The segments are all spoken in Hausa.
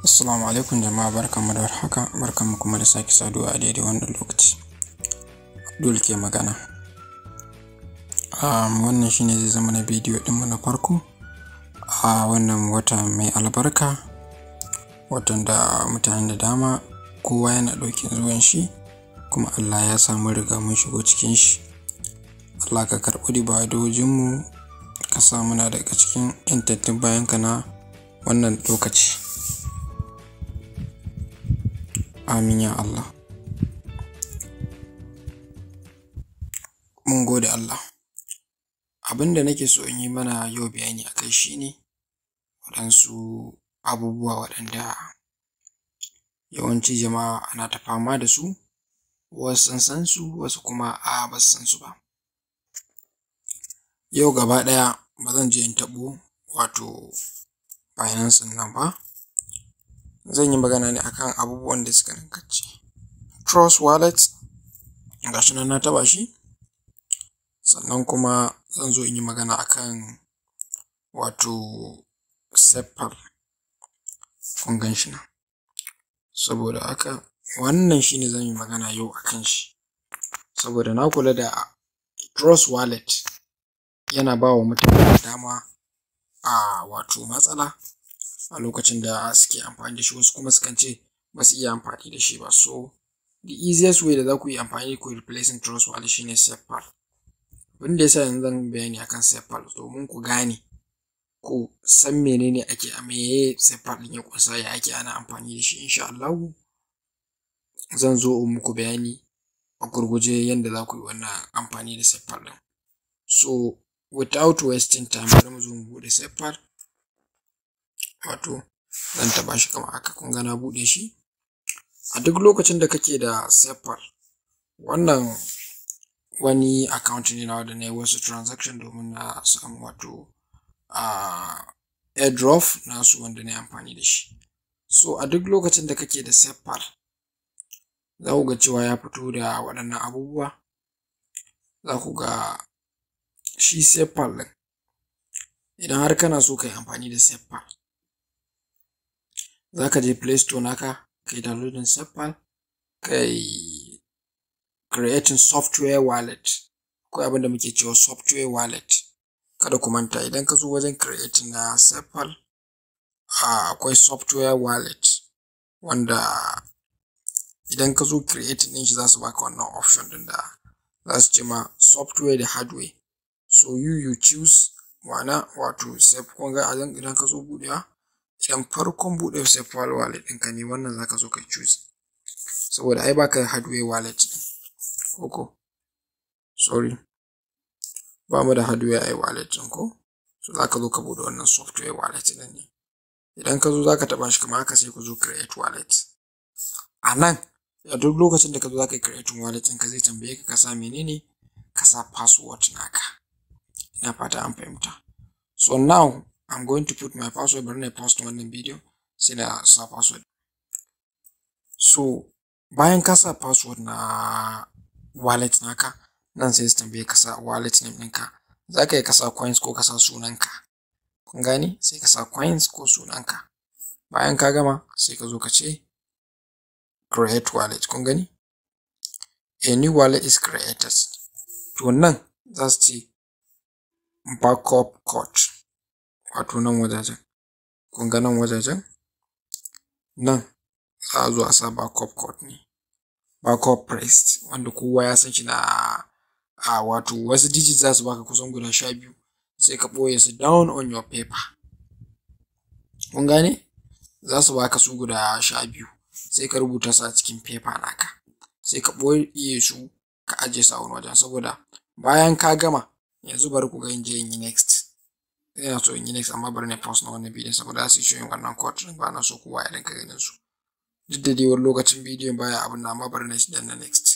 Assalamu alaikum jama'a barkanmu da warhaka barkanmu kuma da sake saduwa a daidai wannan lokaci. Abdul ke magana. Um, wannan shine zai zama na bidiyo mu na farko a uh, wannan wata mai albarka watan da mutane da dama kowa yana ɗaukin zuwan shi kuma Allah ya samu riga mun shigo cikin shi. Allah ka karɓi dojinmu ka samu muna daga cikin bayan bayanka na wannan lokaci. Amin ya Allah. Mun gode Allah. Abin da nake so in yi mana yau bayani a kai shi ne waɗansu abubuwa waɗanda yawanci jama'a ana ta fama da su, wasu sun san su, wasu kuma a ba su san su ba. Yau gaba ɗaya ba zan je in taɓo wato finance nan ba. zan yi magana ne akan abubuwan da suka danganci trust wallet gashi nan na taba shi sannan kuma zan zo in yi magana akan wato sepal kun gan shi nan saboda haka wannan shine zan yi magana yau akan shi saboda na kula da trust wallet yana ba wa mutane dama a ah, wato matsala a lokacin da suke amfani da shi wasu kuma sukan ce ba su iya amfani da shi ba so the easiest way da za ku yi amfani ku replacing trust shi ne sepal abin da yasa yanzu zan bayani akan SafePal domin ku gane ko san menene ake a meye sepal ya kusa ya ake ana amfani da shi insha Allah zan zo in muku bayani a gurguje yadda za ku yi wannan amfani da sepal din so without wasting time bari mu zo mu buɗe sepal wato zan taɓa shi kamar haka kun ga na buɗe shi a duk lokacin da kake da sefer wannan wani account ne na wadda na yi wasu transaction domin na samu wato a airdrop nasu wanda na yi amfani da shi so a duk lokacin da kake da SEPAL za ku ga cewa ya fito da waɗannan abubuwa za ku ga shi sefer ɗin idan har kana so ka yi amfani da sefer za ka je play store naka ka yi downloading sapphire ka yi creating software wallet akwai abin muke cewa software wallet kada ku manta idan ka zo wajen creating na sapphire akwai software wallet wanda idan ka zo creating ɗin shi za su baka wannan option ɗin da za su ce ma software da hardware so you you choose ma'ana wato kun ga idan ka zo buɗewa can farkon buɗe safewar wallet ɗinka ne wannan zaka zo ka choose saboda ai baka hardware wallet koko sorry ba mu da hardware ai wallet ɗin ko so zaka zo ka buɗe wannan software wallet ɗin ne idan ka zo zaka taɓa shi kamar haka sai ku zo create wallet a nan a duk lokacin da ka zo zaka yi create wallet ka zai tambaye ka ka sa menene ka sa password naka ina fata an fahimta so now I'm going to put my password bari na post wannan video sai na sa password so bayan ka sa password na wallet naka nan sai su tambaye ka sa wallet name ɗinka za ka yi kasa coins ko kasa sunanka kun gane sai kasa coins ko sunanka bayan ka gama sai ka zo ka ce create wallet kun gani a new wallet is created to nan za su ce backup code wato nan wajajen kun ga nan wajajen nan za a zo a sa backup code ne backup priest wanda kowa ya san shi na a wato wasu digit za su baka kusan guda sha biyu sai ka ɓoye su down on your paper kun gane za su baka su guda sha biyu sai ka rubuta su a cikin paper naka sai ka ɓoye su ka ajiye su a wani wajen saboda bayan ka gama yanzu bari ku ga yin next ina so in yi next amma bari na post na wannan bidiyon saboda su yi wannan code ba na so kowa ya ka ganin su duk da dai lokacin bidiyon baya abin na amma bari na shi next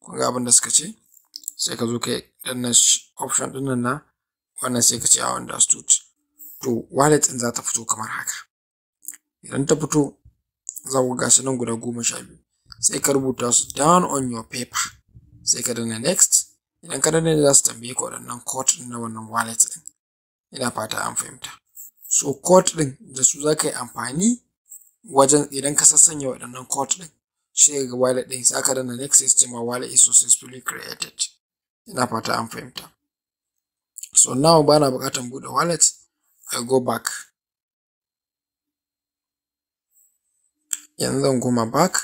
kun ga abin da suka ce sai ka zo kai danna option din nan na wannan sai ka ce a ah, understood to wallet din za ta fito kamar haka idan ta fito za ku gashi nan guda goma sha biyu sai ka rubuta su down on your paper sai ka danna next idan ka danna za su tambaye ka waɗannan code din na wannan wallet din ina fata an fahimta. so code ɗin da su za yi amfani wajen idan ka sassanya waɗannan code ɗin sai ga wallet ɗin za ka danna next system a wallet is successfully created ina fata an fahimta so now ba na buƙatar buɗe wallet i go back yanzu zan koma back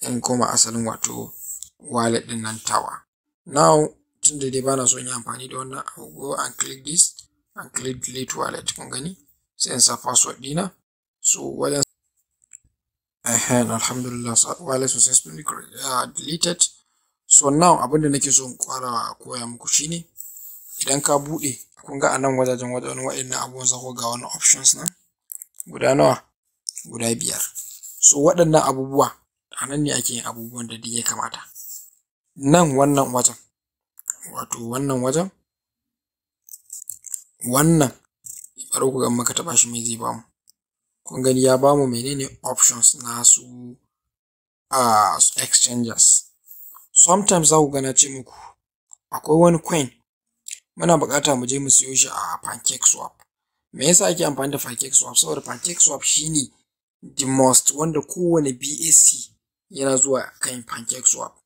in koma asalin wato wallet ɗin nan tawa now tunda dai ba na so in yi amfani da wannan i go and click this an click delete wallet kun gani sai in sa password dina so wajen ahan alhamdulillah wallet successfully deleted so now abin da nake so in kwara koya muku shine idan ka bude kun ga anan wajajen wajen wa'annan abubuwan za ku ga wani options nan guda nawa guda biyar so waɗannan abubuwa a nan ne ake yin abubuwan da duk ya kamata nan wannan wajen wato wannan wajen wannan bari ku ga in muka taɓa shi me zai bamu kun gani ya bamu menene options na su uh, exchanges sometimes za ku ga na ce muku akwai wani coin muna buƙata mu je mu siyo shi a pancake swap me yasa ake amfani da pancake swap saboda pancake swap shine the most wanda kowane BAC yana zuwa kan pancake swap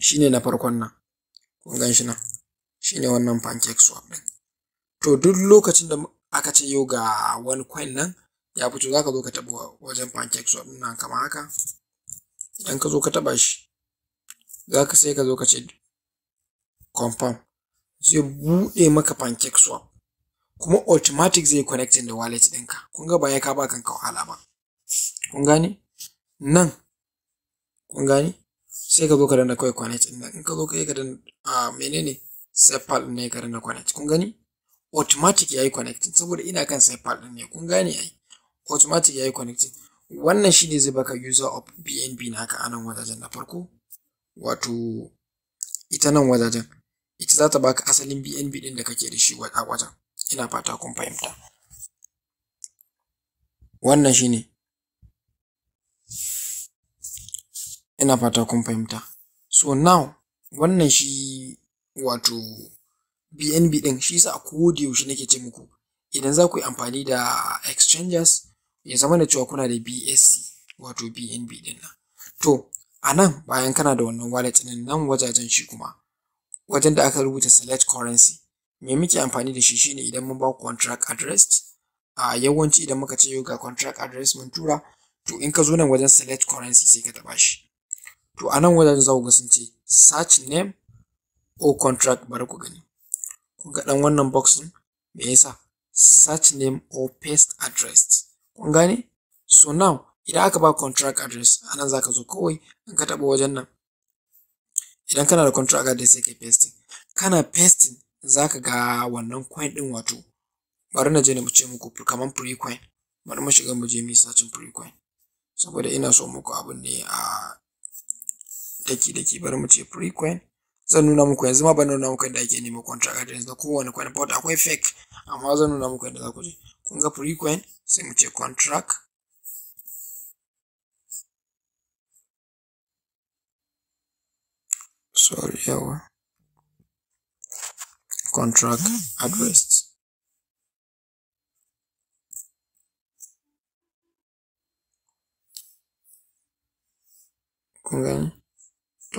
shine na farkon nan kun gan shi nan shine wannan swap din to duk lokacin da aka ce yau ga wani coin nan ya fito za ka zo ka taɓa wajen pancake swap na kama haka idan ka zo ka taɓa shi za ka sai ka zo ka ce confirm zai buɗe maka pancake swap kuma automatic zai connecting da wallet ɗinka kun ga ba ya ka ba ka wahala ba kun gane nan kun gane sai ka zo ka danna kawai connect ɗin nan in ka zo ka yi ka danna ah, menene sepal ne ka danna connect kun gani automatic yayi connecting saboda ina kan sai part ne kun gane ai automatic yayi connecting wannan shine zai baka user of bnb naka anan wajajen na farko wato ita nan wajajen ita za ta baka asalin bnb din da kake da shi a wajen ina fata kun fahimta wannan shine ina fata kun fahimta so now wannan shi wato bnb ɗin shi yasa a koda yaushe nake ce muku idan za ku yi amfani da exchanges ya zama da cewa kuna da bsc wato bnb din nan to a nan bayan kana da wannan wallet din nan wajajen shi kuma wajen da aka rubuta select currency me muke amfani da shi shine idan mun ba contract address a yawanci idan muka ce ga contract address mun tura to in ka zo nan wajen select currency sai ka taba shi to a nan wajen za ku ga sun ce search name o contract bari ku gani kun ga ɗan wannan box ɗin me yasa search name or paste address kun gane so now idan aka ba contract address anan zaka zo kawai in ka taɓa wajen nan idan kana da contract address sai ka pasting kana pasting zaka ga wannan coin ɗin wato bari na je na ce muku kaman free coin bari mu shiga mu je mu yi searching free coin saboda ina so muku abun ne a daki-daki bari mu ce free coin zan nuna muku yanzu ma ban nuna muku yadda ake nemo contract address da kowane coin board akwai fake amma za ku je kun ga free contract sorry yawa contract address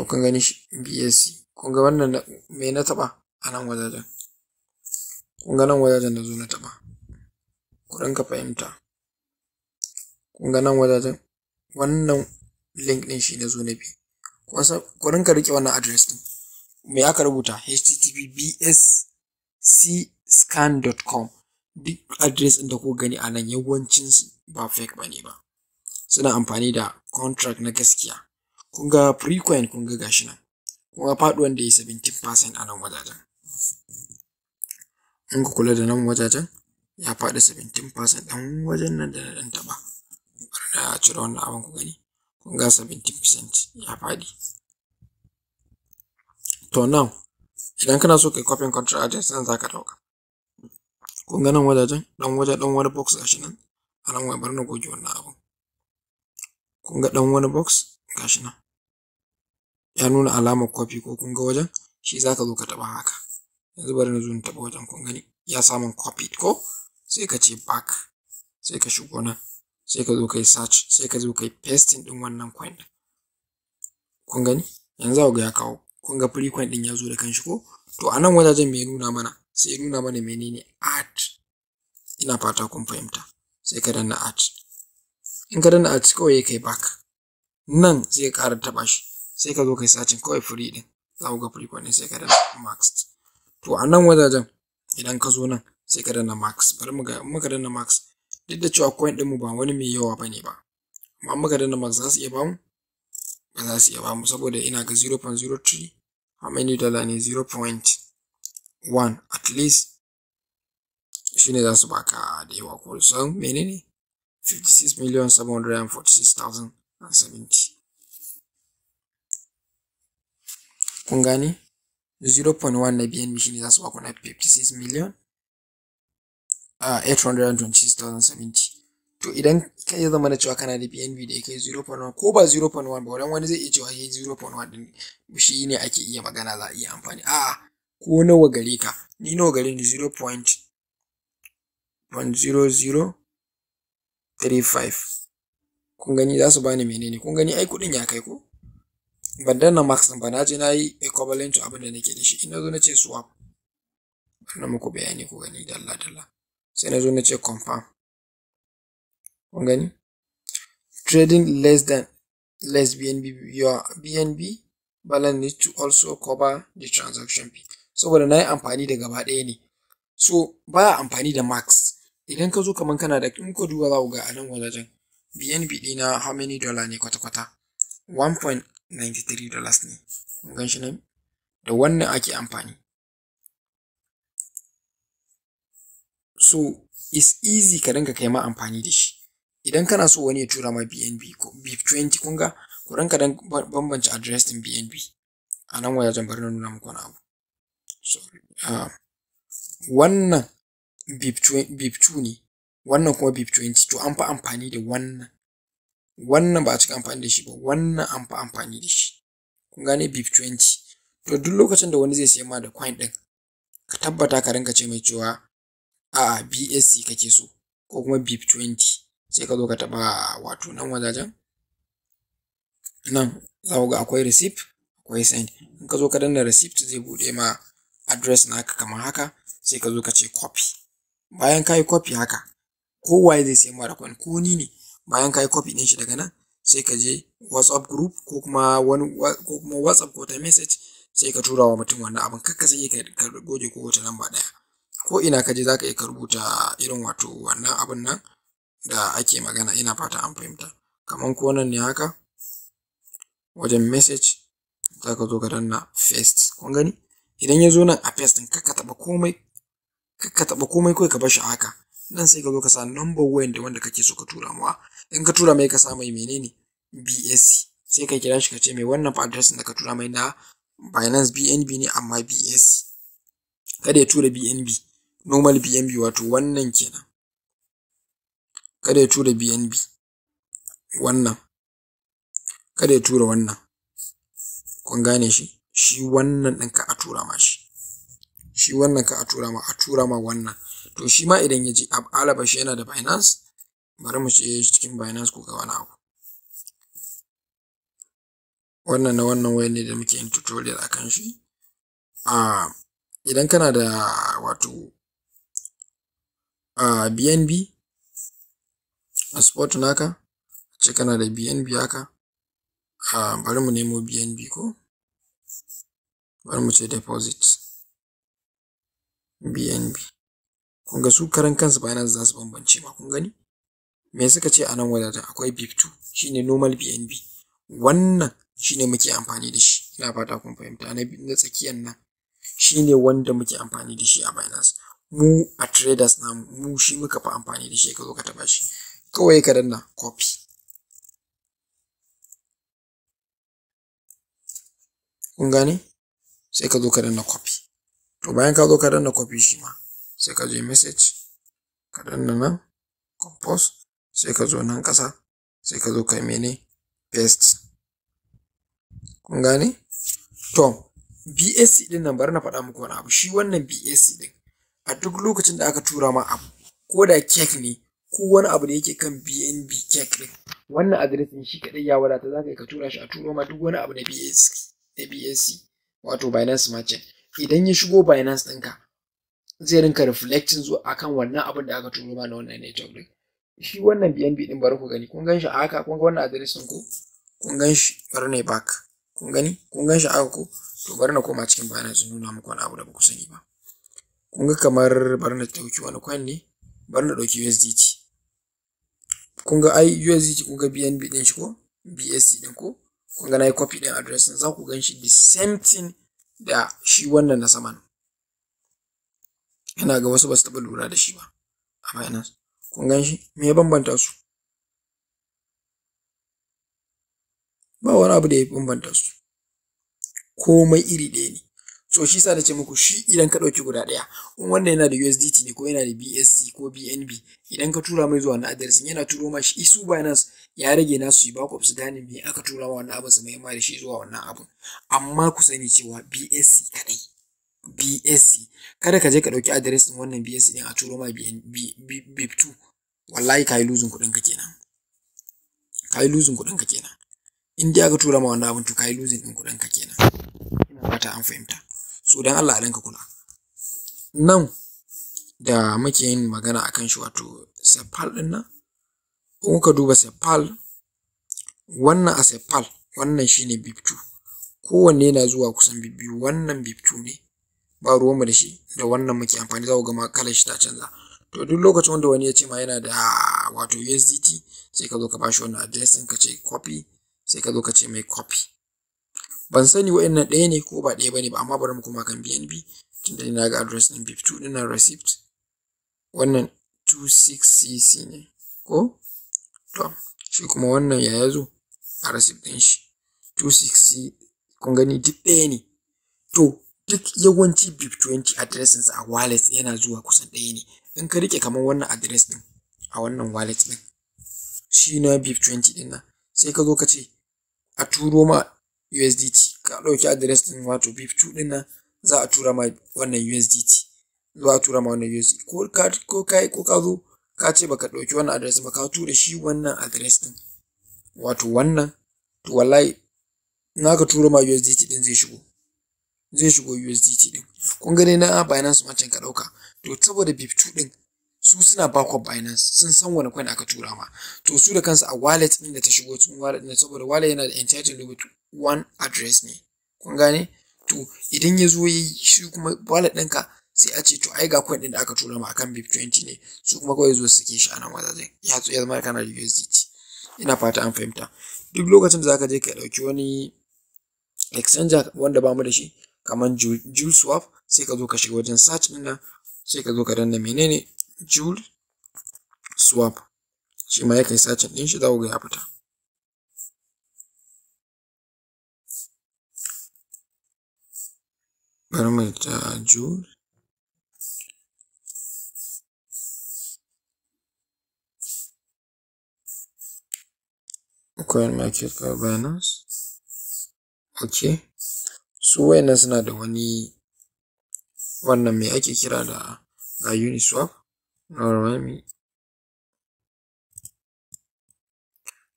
kun gani BSC Kunga wannan me na taɓa a nan wajajen? Kunga nan wajajen na zo na taɓa. Ku ka fahimta. Kunga nan wajajen? Wannan link ɗin shi na zo na biyu. Ku ka riƙe wannan address ɗin. Me aka rubuta? http://bscscan.com? Duk address ɗin da kuka gani a nan yawancinsu ba fake ba ne ba. Suna amfani da contract na gaskiya. Kunga frequent kunga kun ga gashi nan. kuma faduwan da ya 17% a nan wajajen in ku kula da nan wajajen ya faɗi 17% ɗan wajen nan da na ɗan taɓa bari ya cire wannan abin ku gani kun ga 17% ya faɗi to now idan kana so kai copying a address nan za ka ɗauka kun ga nan wajajen ɗan waje ɗan wani box gashi nan a nan bari na goge wannan abin kun ga ɗan wani box gashi nan ya nuna alamar kofi ko kun ga wajen shi za ka zo ka taɓa haka yanzu bari na zo in taɓa wajen kun gani ya samun kofi ko sai ka ce back sai ka shigo nan sai ka zo ka yi search sai ka zo ka yi pasting ɗin wannan coin ɗin kun gani yanzu ga ya kawo kun ga free ɗin ya zo da kanshi ko to a nan wajajen me nuna mana sai nuna mana menene art ina fata kun fahimta sai ka danna art in ka danna art kawai ya kai back nan zai ƙara taɓa shi sai ka zo kai sacin kawai free din za ku ga free coin sai ka danna max to a nan wajajen idan ka zo nan sai ka danna max bari mu ga muka danna max duk da cewa coin din mu ba wani mai yawa bane ba amma muka danna max za su iya bamu ba za su iya bamu saboda ina ga 0.03 how many dollar ne 0.1 at least shine za su baka da yawa ko sun menene 56 million 746,070 kun gane 0.1 na bnb shine za su ba ku na 56 million a ah, 826,070 to idan kai ya zama da cewa kana da bnb da ya kai 0.1 ko ba 0.1 ba wadan wani zai iya cewa yi 0.1 din shi ne ake iya magana za a iya amfani a ko nawa gare ka ni nawa gare ni 0.10035 kun gani za su bani menene kun gani ai kudin ya kai ko ban danna max din ba na je na yi equivalent to abin da nake da shi ina zo na ce swap na muku bayani ku gani dalla dalla sai na zo na ce confirm kun gani trading less than less bnb your bnb balance need to also cover the transaction fee saboda na yi amfani da gaba ɗaya ne so baya amfani da max idan ka zo kaman kana da in ka duba za ku ga a nan wajen bnb dina how many dollar ne kwata-kwata 93 dollars ne kun gan shi nan da wannan ake amfani so its easy ka dinga kai ma amfani da shi idan kana so wani ya tura ma bnb ko b20 kun ga ku ranka dan bambance address din bnb a nan wajen bari na nuna muku wani abu so ah, wannan bip 2 ne wannan kuma bip 20 to an fi amfani da wannan wannan ba a cika amfani da shi ba wannan an fi amfani da shi kun gane bip 20 to duk lokacin da wani zai siya ma da coin din ka tabbata ka rinka ce mai cewa a'a BSC kake so ko kuma bip 20 sai ka zo ka taba wato nan wajajen nan za ku ga akwai receipt akwai send in ka zo ka danna receipt zai bude ma address naka kamar haka sai ka zo ka ce copy bayan ka yi copy haka kowa zai siya ma da coin ko ni ne bayan ka yi copy ɗin shi daga nan sai ka je whatsapp group ko kuma wani ko kuma whatsapp ko ta message sai ka tura wa mutum wannan abin kakka sai ka goge wata lamba ɗaya ko ina ka je za ka iya ka rubuta irin wato wannan abin nan da ake magana ina fata an fahimta kaman ko nan ne haka wajen message za ka zo ka danna first kun gani idan ya zo nan a first ɗin kakka taɓa komai kakka taɓa komai kawai ka bar shi haka nan sai ka zo ka sa number wayan da wanda kake so ka tura mawa in ka tura mai ka sa mai menene BSC sai ka kira shi ka ce mai wannan address da ka tura mai na Binance BNB ne amma BSC kada ya tura BNB normal BNB wato wannan kenan kada ya tura BNB wannan kada ya tura wannan kun gane shi shi wannan ɗin ka a tura ma shi shi wannan ka a tura ma a tura ma wannan to shi ma idan ya je shi yana da Binance bari mu ce shi cikin Binance ko ga wani abu. Wannan na wannan wayan ne da muke yin tutorial a kan shi. idan kana da wato BNB a spot naka, ce kana da BNB haka, bari mu nemo BNB ko? Bari mu ce deposit. BNB. Kun ga su karan kansu Binance za su bambance ma kun gani? me suka ce a nan wajajen akwai bip2 shine normal bnb wannan shine muke amfani da shi ina fata kun fahimta na na tsakiyan nan shine wanda muke amfani da shi a binance mu a traders na mu shi muka fi amfani da shi ka zo ka taba shi kawai ka danna copy kun gane sai ka zo ka danna copy to bayan ka zo ka danna copy shi ma sai ka je message ka danna nan compose sai ka zo nan ƙasa sai ka zo kai mene paste kun gane to BSc din nan bari na faɗa muku wani abu shi wannan BSc din a duk lokacin da aka tura ma abu ko da cake ne ko wani abu da yake kan BNB cake din wannan address shi kadai ya wadata za ka ka tura shi a turo ma duk wani abu na BSc da BSc wato Binance Merchant idan ya shigo Binance ɗinka zai rinka reflecting zuwa akan wannan abin da aka turo ma na wannan network din shi wannan bnb din bari ku gani kun gan shi a haka kun ga wannan address ku kun gan shi bari ne back kun gani kun gan shi a haka ku to bari na koma cikin binance nuna muku wani abu da ba ku sani ba kun ga kamar bari na dauki wani coin ne bari na dauki usdt kun ga ai USDT kun ga BNB din shi ko BSC din ko kun ga nayi copy din address din za ku gan shi the same thing da shi wannan na saman ina ga wasu ba su taɓa lura da shi ba a Binance Kun gan shi? Me ya bambanta su? Ba wani abu da ya bambanta su. Komai iri ɗaya ne. So shi sa na ce muku shi idan ka ɗauki guda ɗaya, in wannan yana da USDT ne ko yana da BSC ko BNB, idan ka tura mai zuwa na adireshin yana turo ma shi su Binance ya rage na yi baku su gane me aka tura wa wannan abin su mai da shi zuwa wannan abin. Amma ku sani cewa BSC kadai. BSc kada ka je ka ɗauki address din wannan BSc ɗin a turo ma BIP2 wallahi ka yi kudin kuɗinka kenan ka yi losing kuɗinka kenan in dai aka tura ma wannan abin to ka yi losing ɗin kuɗinka kenan ina fata an fahimta so dan Allah a rinka kula nan da muke yin magana akan shi wato sepal ɗin nan in kuka duba sepal wannan a sepal wannan shine BIP2 kowanne yana zuwa kusan BIP2, wannan BIP2 ne ba ruwan mu da shi da wannan muke amfani za ku ga ma kalar shi ta canza to duk lokacin wanda wani ya ce ma yana da wato USDT sai ka zo ka bashi wannan address ka ce copy sai ka zo ka ce mai copy ban sani wa'annan ɗaya ne ko ba ɗaya bane ba amma bari mu koma kan BNB tunda na ga address din BIP2 ɗin receipt wannan 26cc ne ko to shi kuma wannan ya yazo a receipt ɗin shi 26c kun gani duk ɗaya ne to duk yawanci BIP20 addresses a wallet yana zuwa kusan ɗaya ne. In ka riƙe kamar wannan address ɗin a wannan wallet ɗin, shi na BIP20 ɗin nan, sai ka zo ka ce a turo ma USDT, ka ɗauki address ɗin wato BIP2 ɗin nan za a tura ma wannan USDT. Za a tura ma wannan USDT. Ko ka ko ka ko ka zo ka ce baka ɗauki wannan address ba ka tura shi wannan address ɗin. Wato wannan to wallahi in aka turo ma USDT ɗin zai shigo. zai shigo USDT din kun ga na Binance wancan ka dauka to saboda BIP2 din su suna bakwa Binance sun san wani coin aka tura ma to su da kansu a wallet din da ta shigo tun wallet din saboda wallet yana da entitled with one address ne kun gane to idan ya zo shi kuma wallet ɗinka sai a ce to ai ga coin din da aka tura ma akan BIP20 ne su kuma kawai zo su sake shi a nan wazajen ya zo ya zama kana da USDT ina fata an fahimta duk lokacin da zaka je ka dauki wani exchanger wanda ba mu da shi kamar joule swap sai ka zo ka shiga wajen search din nan sai ka zo ka danna menene joule swap shi ma yake search din shi za ga ya fita bari mu ta joule coin market ka binance okay su wayannan suna da wani wannan mai ake kira da ga Uniswap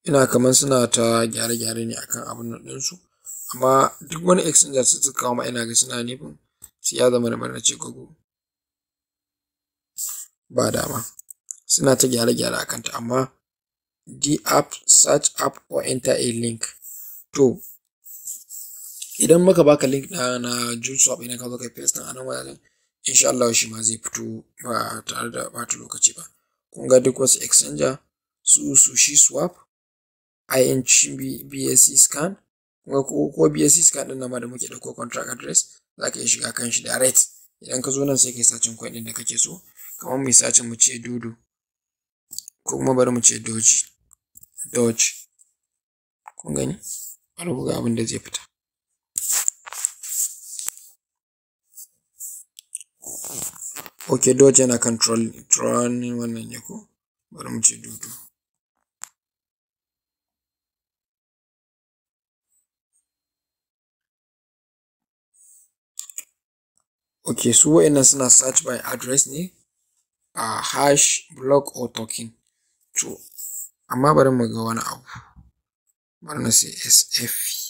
ina kaman suna ta gyare-gyare ne akan abin nan ɗinsu amma duk wani exchange su suka kawo ma ina ga suna nufin su ya zama da ce gugu ba dama suna ta gyare-gyare akan ta amma D app, search app or enter a link to idan muka baka link na na juice ina ka zo kai paste a nan wajen insha Allah shi ma zai fito ba tare da bata lokaci ba kun ga duk wasu exchanger su shi swap INC BSC scan ko ko BSC scan din nan ma da muke ko contract address za ka iya shiga kan shi direct idan ka zo nan sai kai sacin coin din da kake so kamar mai sacin mu ce dudu ko kuma bari mu ce doji doji kun gani a abin da zai fita ok dodge yana kan trolling wannan ne ko bari mu ce dudu ok su wa'innan suna search by address ne a hash block or token to amma bari mu ga wani abu bari na sai sfe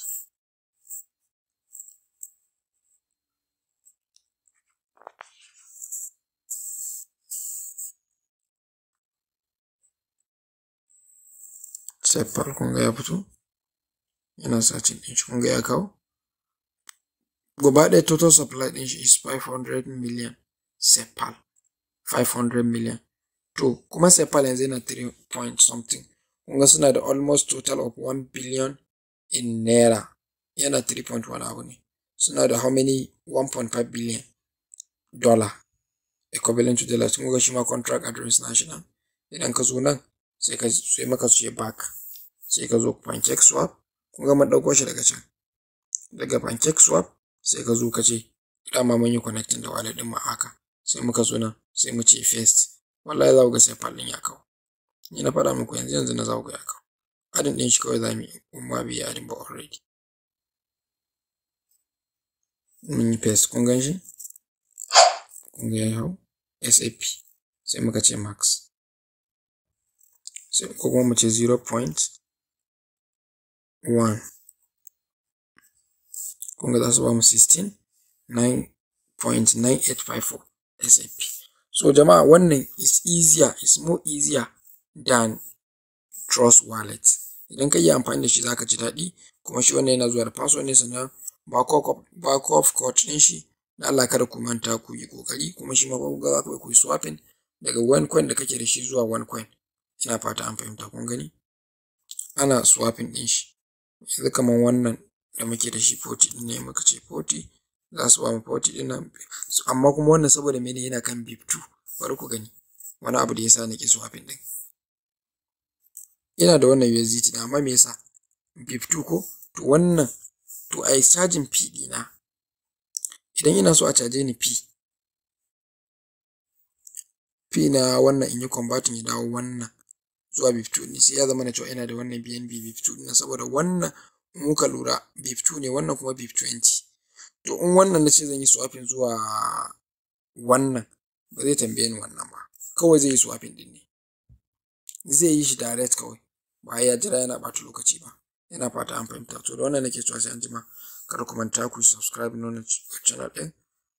safar kunga ya fito yana sacin ɗin shi kun ya kawo gaba ɗaya total supply ɗin shi is 500 million sepal 500 million to kuma sepal yanzu yana 3 point something kunga suna da almost total of 1 billion in naira yana 3.1 abu ne suna da how many 1.5 billion dollar equivalent to dollar kun ga shi ma contract address national idan ka zo nan sai ka sai maka su back sai ka zo pancake swap kun gama ɗauko shi daga can daga pancake swap sai ka zo ka ce dama mun yi connecting da wallet din mu haka sai muka zo nan sai mu ce first wallahi za ku ga sai fallin ya kawo ni na faɗa muku yanzu yanzu na za ku ga ya kawo adin ɗin shi kawai za mu yi kuma bai yi adin ba already mun yi paste kun gan shi kun ga ya hau sap sai muka ce max sai ko kuma mu ce 0.0 1 kun ga za su ba mu 16 9.9854 SAP so jama'a wannan is easier is more easier than trust wallet idan ka amfani da shi zaka ji daɗi kuma shi wannan yana zuwa da password ne sannan back of court ɗin shi da Allah kada ku manta ku yi kokari kuma shi ma kun ga za ku yi swapping daga one coin da kake da shi zuwa one coin ina fata an fahimta kun gani ana swapping ɗin shi yanzu kaman wannan da muke da shi 40 ɗin ne muka ce 40 za su ba mu 40 ɗin nan amma kuma wannan saboda mene yana kan bip 2 bari ku gani wani abu da yasa na ƙi swapping ɗin ina da wannan USDT ɗin amma me yasa bip 2 ko to wannan to ai charging P ɗina idan ina so a caje ni P P na wannan in yi converting ya dawo wannan zuwa bif2 ne sai ya zama na cewa yana da wannan bnb bif2 na saboda wannan muka lura bi 2 ne wannan kuma bif20 to in wannan na ce zan yi swapin zuwa wannan ba zai tambaye ni wannan ba kawai zai yi swapin din ne zai yi shi direct kawai ba ya jira yana bata lokaci ba yana fata an fahimta to da wannan nake cewa sai an jima kar ku manta ku subscribe na wannan channel din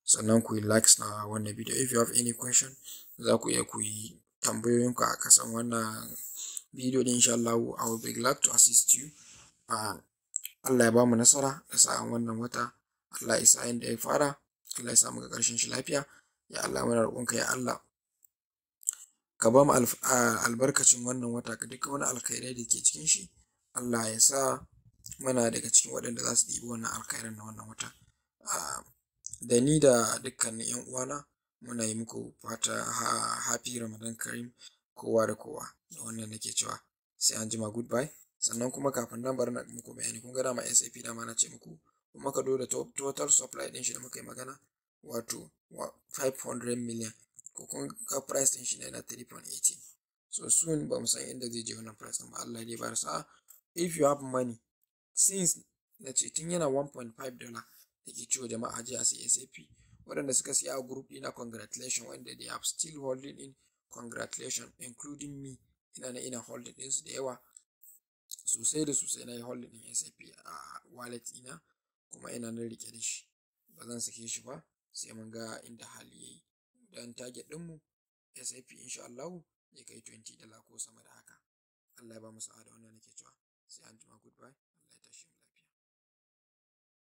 sannan ku yi likes na wannan video if you have any question za ku iya ku yi tambayoyin ku a kasan wannan video din insha Allah I will be glad to assist you ah, Allah ya bamu nasara da sa'an wannan wata Allah ya sa da ya fara Allah ya sa muka karshen shi lafiya ya Allah muna roƙonka ya Allah ka bamu albarkacin wannan wata ka duka wani alkhairai da ke cikin shi Allah ya sa muna daga cikin waɗanda za su ɗibi wannan alkhairan na wannan wata ah, da ni da dukkanin 'yan uwana Muna yi muku fata happy Ramadan karim kowa da kowa. Da wannan nake cewa sai an jima goodbye. Sannan kuma kafin nan bari na muku bayani kun ga dama SAP ma na ce muku kuma ka da total supply din shi da muka yi magana wato 500 million ko kun ga price din shi ne na 3.18 so soon ba mu san inda zai je wannan price din ba Allah dai bar sa if you have money since na ce tun yana 1.5 dollar da ke ciwo jama'a a sai SAP waɗanda suka siya a group ɗina congratulation wanda they have still holding in congratulation including me ina na ina holding ɗinsu da yawa sosai da sosai na yi holding ɗin SAP a wallet ɗina kuma ina na rike da shi ba zan sake shi ba sai mun ga inda hali ya yayi dan target ɗinmu SAP insha Allah ya kai 20 dala ko sama da haka Allah ya ba mu sa'a da wannan nake cewa sai an jima goodbye Allah ya tashi